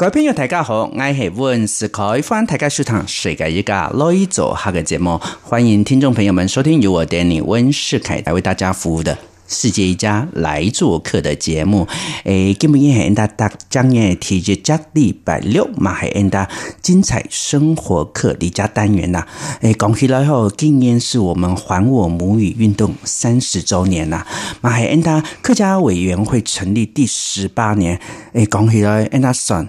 各位朋友，大家好，我係溫世凱，歡迎大家收聽《世界一家》來做客嘅節目。歡迎聽眾朋友們收聽由我 Daniel 溫世凱，來為大家服務的《世界一家》來做客的節目。誒、哎，今年的 nda 將嘅提前加禮拜六，馬海恩達精彩生活客離家單元啦。誒、哎，講起來後，今年是我們還我母語運動三十周年，馬海恩達客家委員會成立第十八年。誒、哎，講起來恩達 a